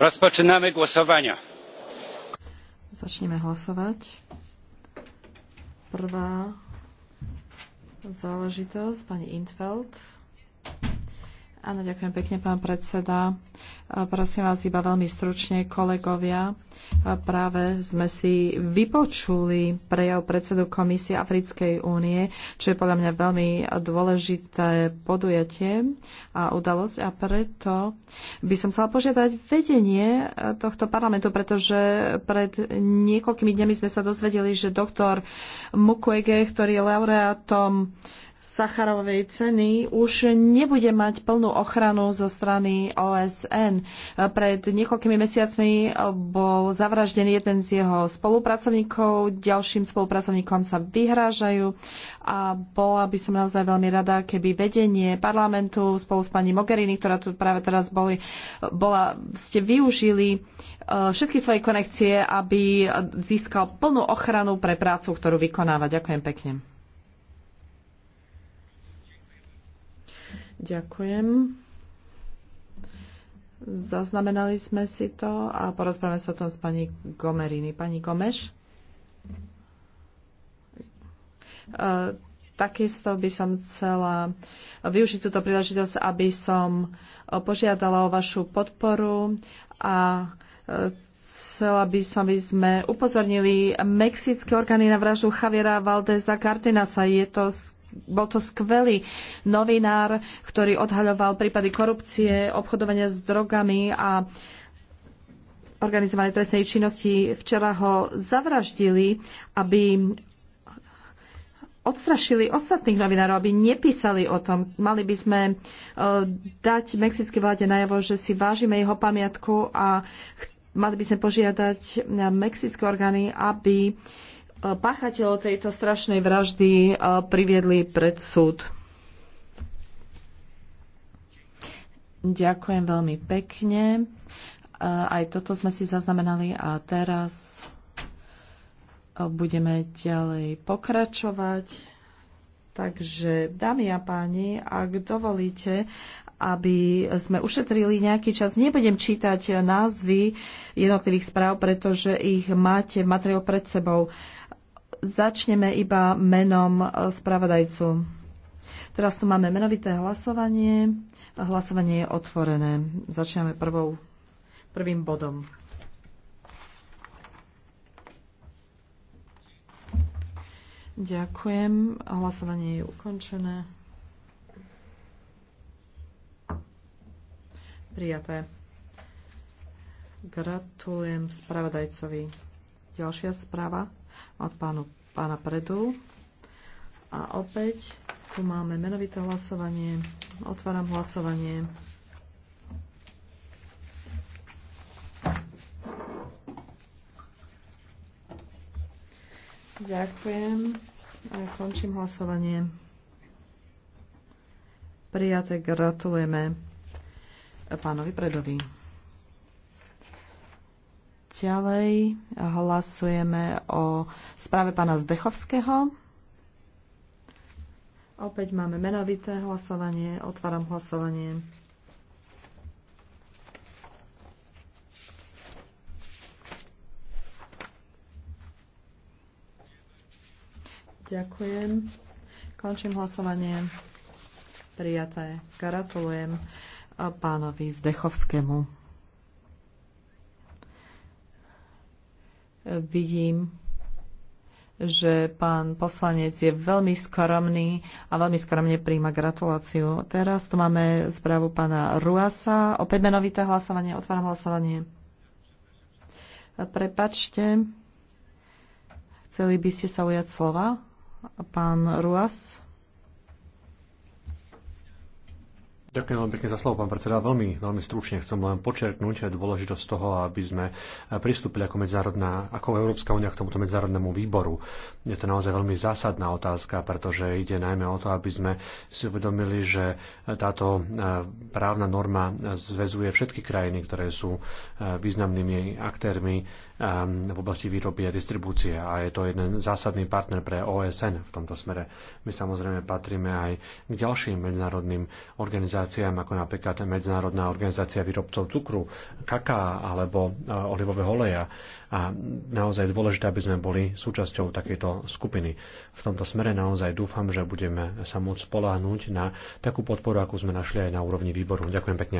Rozpoczynamy głosowania. Zaczniemy głosować. Prwa záležitosť, pani Intfeld. Áno, ďakujem pekne, pán predseda. Prosím vás iba veľmi stručne, kolegovia. Práve sme si vypočuli prejav predsedu Komisie Africkej únie, čo je podľa mňa veľmi dôležité podujatie a udalosť. A preto by som chcela požiadať vedenie tohto parlamentu, pretože pred niekoľkými dňami sme sa dozvedeli, že doktor Mukwege, ktorý je laureátom Sacharovej ceny už nebude mať plnú ochranu zo strany OSN. Pred niekoľkými mesiacmi bol zavraždený jeden z jeho spolupracovníkov, ďalším spolupracovníkom sa vyhrážajú a bola by som naozaj veľmi rada, keby vedenie parlamentu spolu s pani Mogherini, ktorá tu práve teraz boli, bola, ste využili e, všetky svoje konekcie, aby získal plnú ochranu pre prácu, ktorú vykonáva. Ďakujem pekne. Ďakujem. Zaznamenali sme si to a porozprávame sa o tom s pani Gomeriny. Pani Gomeš? E, takisto by som chcela využiť túto príležitosť, aby som požiadala o vašu podporu a e, chcela by som, aby sme upozornili mexické orgány na vraždu Javiera Valdeza Cardenasa. Je to bol to skvelý novinár, ktorý odhaľoval prípady korupcie, obchodovania s drogami a organizovanej trestnej činnosti. Včera ho zavraždili, aby odstrašili ostatných novinárov, aby nepísali o tom. Mali by sme e, dať mexické vláde najavo, že si vážime jeho pamiatku a mali by sme požiadať mexické orgány, aby páchateľov tejto strašnej vraždy e, priviedli pred súd. Ďakujem veľmi pekne. E, aj toto sme si zaznamenali a teraz e, budeme ďalej pokračovať. Takže, dámy a páni, ak dovolíte, aby sme ušetrili nejaký čas. Nebudem čítať názvy jednotlivých správ, pretože ich máte v materiál pred sebou. Začneme iba menom e, spravodajcu. Teraz tu máme menovité hlasovanie. Hlasovanie je otvorené. Začneme prvou, prvým bodom. Ďakujem. Hlasovanie je ukončené. Prijaté. Gratulujem spravodajcovi. Ďalšia správa od pánu, pána Predu. A opäť tu máme menovité hlasovanie. Otváram hlasovanie. Ďakujem. A končím hlasovanie. Prijaté gratulujeme pánovi Predovi. Ďalej hlasujeme o správe pána Zdechovského. Opäť máme menovité hlasovanie. Otváram hlasovanie. Ďakujem. Končím hlasovanie. Prijaté. Gratulujem pánovi Zdechovskému. vidím, že pán poslanec je veľmi skromný a veľmi skromne príjma gratuláciu. Teraz tu máme správu pána Ruasa. Opäť menovité hlasovanie. Otváram hlasovanie. Prepačte. Chceli by ste sa ujať slova? Pán Ruas? Ďakujem veľmi pekne za slovo, pán predseda. Veľmi, veľmi stručne chcem len počerknúť dôležitosť toho, aby sme pristúpili ako, medzárodná, ako Európska únia k tomuto medzárodnému výboru. Je to naozaj veľmi zásadná otázka, pretože ide najmä o to, aby sme si uvedomili, že táto e, právna norma zväzuje všetky krajiny, ktoré sú e, významnými aktérmi e, v oblasti výroby a distribúcie a je to jeden zásadný partner pre OSN v tomto smere. My samozrejme patríme aj k ďalším medzinárodným organizáciám, organizáciám ako napríklad Medzinárodná organizácia výrobcov cukru, kaká alebo eh, olivového oleja. A naozaj je dôležité, aby sme boli súčasťou takejto skupiny. V tomto smere naozaj dúfam, že budeme sa môcť spolahnúť na takú podporu, akú sme našli aj na úrovni výboru. Ďakujem pekne.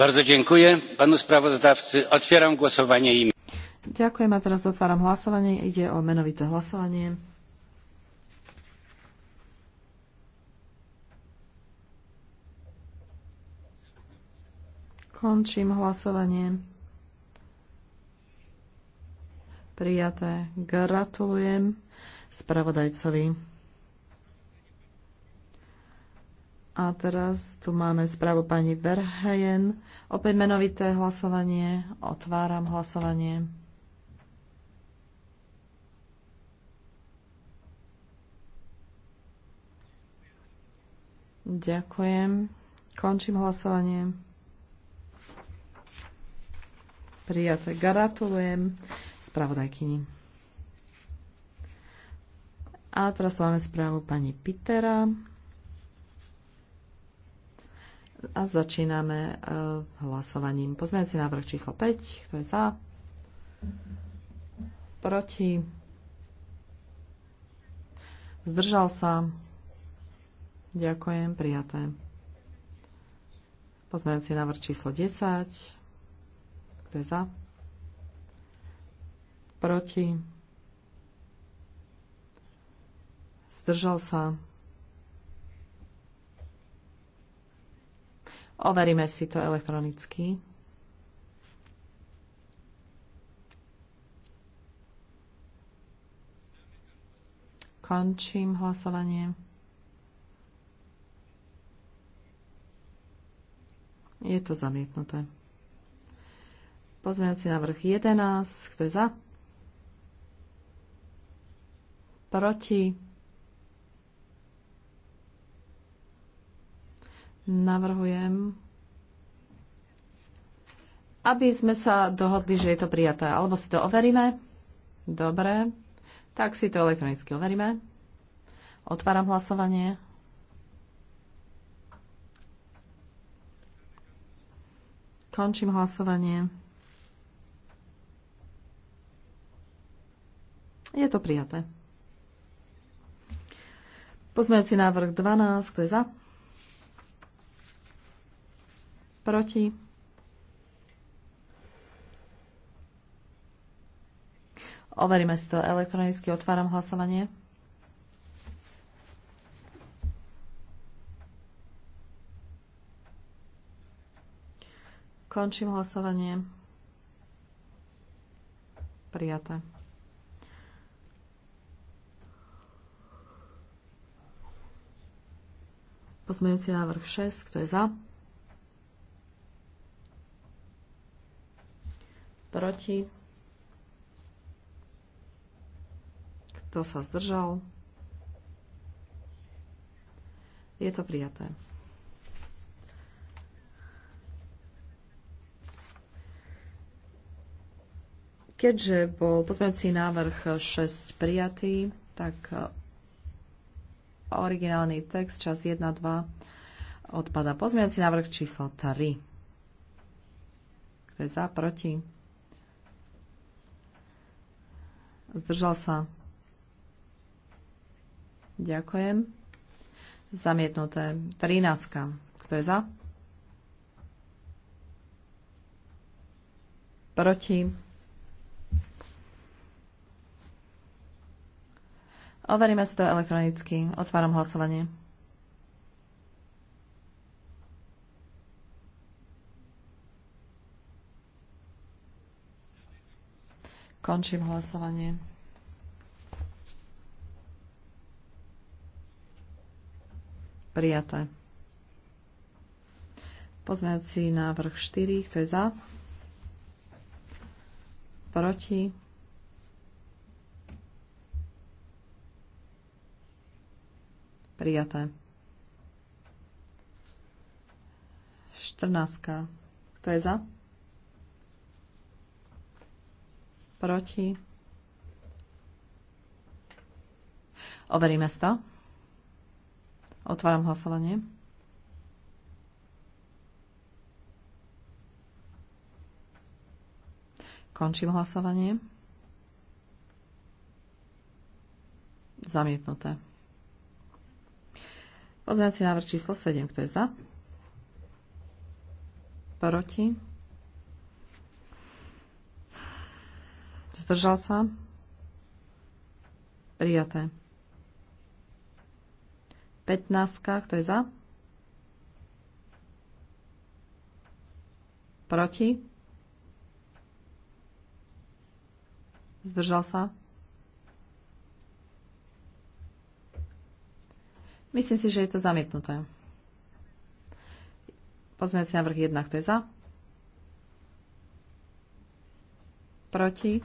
Bardzo dziękuję panu sprawozdawcy. Otwieram głosowanie im. Ďakujem a teraz otváram hlasovanie. Ide o menovité hlasovanie. Končím hlasovanie. Prijaté. Gratulujem spravodajcovi. A teraz tu máme správu pani Verhejen. Opäť menovité hlasovanie. Otváram hlasovanie. Ďakujem. Končím hlasovanie prijaté. Gratulujem spravodajkyni. A teraz máme správu pani Pitera. A začíname uh, hlasovaním. si návrh číslo 5. Kto je za? Proti? Zdržal sa? Ďakujem, prijaté. si návrh číslo 10. Kto je za? Proti? Zdržal sa? Overíme si to elektronicky. Končím hlasovanie. Je to zamietnuté. Pozmeňujúci návrh 11. Kto je za? Proti? Navrhujem, aby sme sa dohodli, že je to prijaté. Alebo si to overíme? Dobre. Tak si to elektronicky overíme. Otváram hlasovanie. Končím hlasovanie. Je to prijaté. Pozmejúci návrh 12, kto je za? Proti? Overíme si to elektronicky, otváram hlasovanie. Končím hlasovanie. Prijaté. Pozmeňujúci návrh 6, kto je za? Proti? Kto sa zdržal? Je to prijaté. Keďže bol pozmeňujúci návrh 6 prijatý, tak originálny text, čas 1, 2 odpada. si návrh číslo 3. Kto je za, proti? Zdržal sa. Ďakujem. Zamietnuté. 13. Kto je za? Proti. Overíme si to elektronicky. Otváram hlasovanie. Končím hlasovanie. Prijaté. Pozmeňujúci návrh 4, kto je za? Proti? Prijaté. 14. Kto je za? Proti? Overíme to. Otváram hlasovanie. Končím hlasovanie. Zamietnuté. Pozrieme si návrh číslo 7, kto je za? Proti? Zdržal sa? Prijaté. 15, kto je za? Proti? Zdržal sa? Myslím si, že je to zamietnuté. si návrh 1, kto je za? Proti?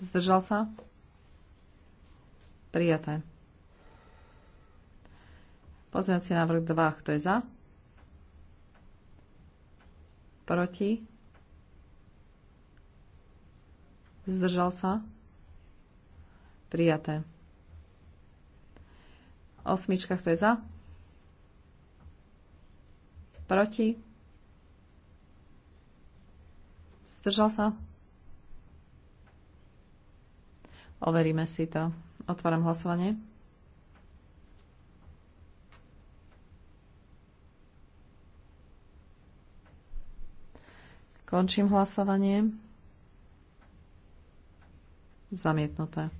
Zdržal sa? Prijaté. si návrh 2, kto je za? Proti? Zdržal sa? Prijaté. Osmička, kto je za? Proti? Zdržal sa? Overíme si to. Otváram hlasovanie. Končím hlasovanie. Zamietnuté.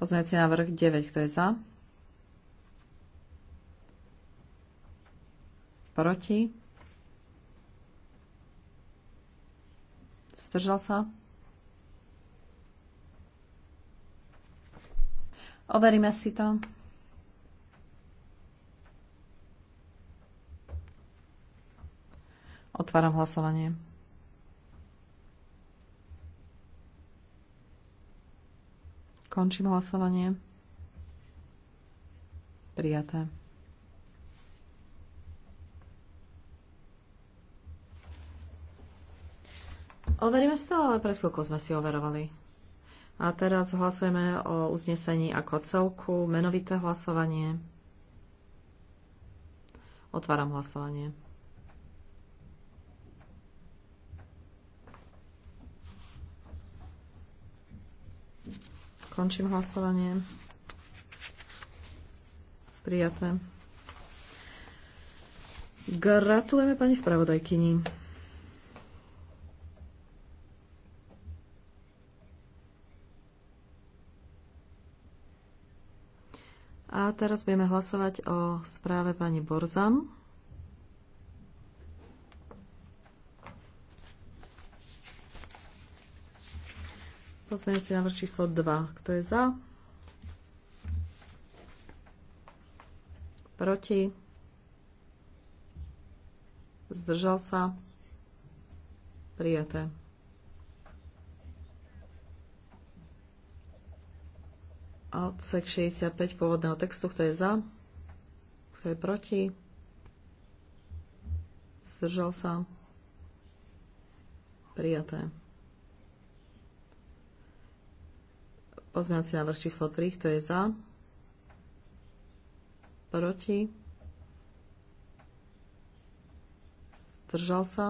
Pozmeňujúci návrh 9. Kto je za? Proti? Zdržal sa? Overíme si to. Otváram hlasovanie. Končím hlasovanie. Prijaté. Overíme si to, ale pred chvíľkou sme si overovali. A teraz hlasujeme o uznesení ako celku, menovité hlasovanie. Otváram hlasovanie. Končím hlasovanie. Prijaté. Gratulujeme pani spravodajkyni. A teraz budeme hlasovať o správe pani Borzan. Pozmeňujúci návrh číslo 2. Kto je za? Proti? Zdržal sa? Prijaté. Odsek 65 pôvodného textu. Kto je za? Kto je proti? Zdržal sa? Prijaté. Pozmeňovací návrh číslo 3, kto je za? Proti? Zdržal sa?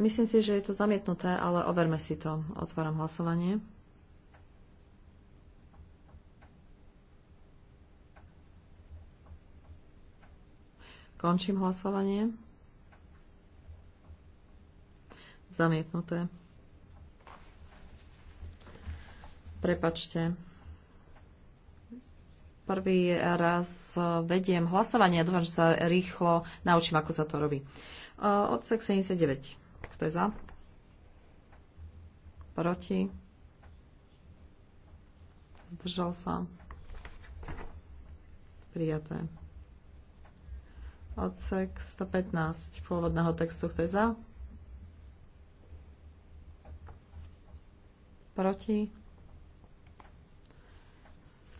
Myslím si, že je to zamietnuté, ale overme si to. Otváram hlasovanie. Končím hlasovanie. Zamietnuté. Prepačte. Prvý raz e, vediem hlasovanie. a dúfam, že sa rýchlo naučím, ako sa to robí. E, odsek 79. Kto je za? Proti? Zdržal sa? Prijaté. Odsek 115 pôvodného textu. Kto je za? Proti?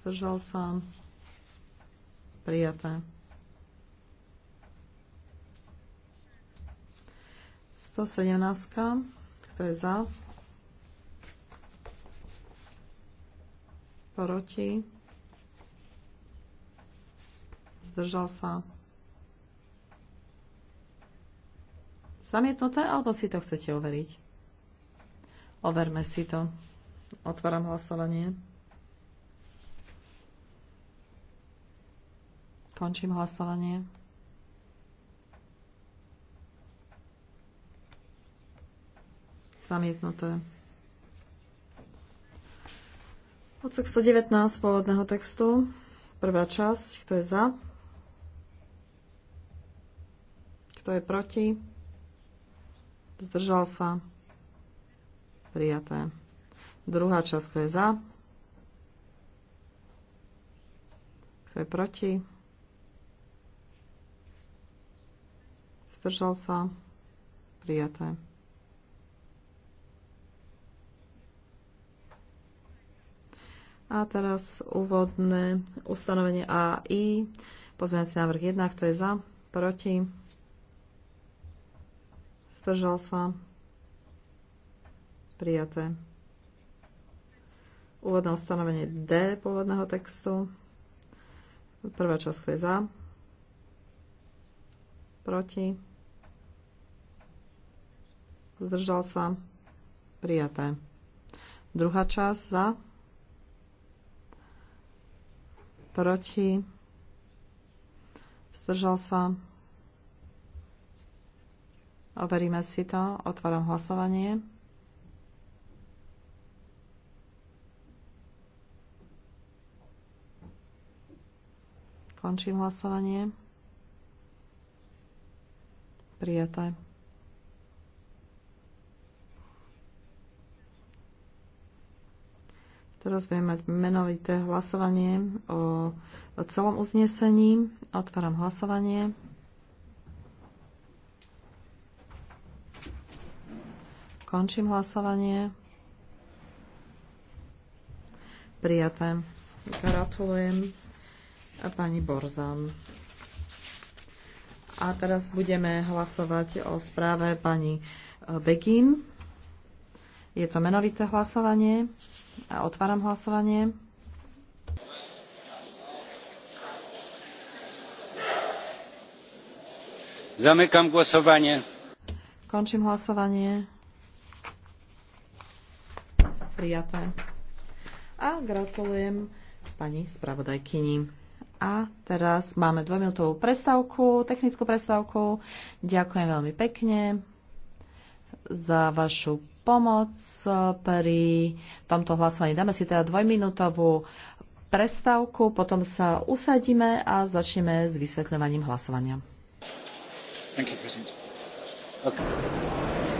Zdržal sa? Prijaté. 117. Kto je za? Proti? Zdržal sa? Zamietnuté, alebo si to chcete overiť? Overme si to. Otváram hlasovanie. Končím hlasovanie. Zamietnuté. Odsek 119 pôvodného textu. Prvá časť. Kto je za? Kto je proti? Zdržal sa? Prijaté. Druhá časť, kto je za? Kto je proti? Zdržal sa? Prijaté. A teraz úvodné ustanovenie a i Pozmeňujem si návrh 1, kto je za, proti, zdržal sa, prijaté úvodné ustanovenie D pôvodného textu. Prvá časť, je za? Proti? Zdržal sa? Prijaté. Druhá časť za? Proti? Zdržal sa? Overíme si to. Otváram hlasovanie. Končím hlasovanie. Prijaté. Teraz budeme mať menovité hlasovanie o, o celom uznesení. Otváram hlasovanie. Končím hlasovanie. Prijaté. Gratulujem pani Borzan. A teraz budeme hlasovať o správe pani e, Begin. Je to menovité hlasovanie. A otváram hlasovanie. Zamykam hlasovanie. Končím hlasovanie. Prijaté. A gratulujem pani spravodajkyni. A teraz máme dvojminútovú prestávku, technickú prestávku. Ďakujem veľmi pekne za vašu pomoc pri tomto hlasovaní. Dáme si teda dvojminútovú prestávku, potom sa usadíme a začneme s vysvetľovaním hlasovania. Thank you, President. Okay.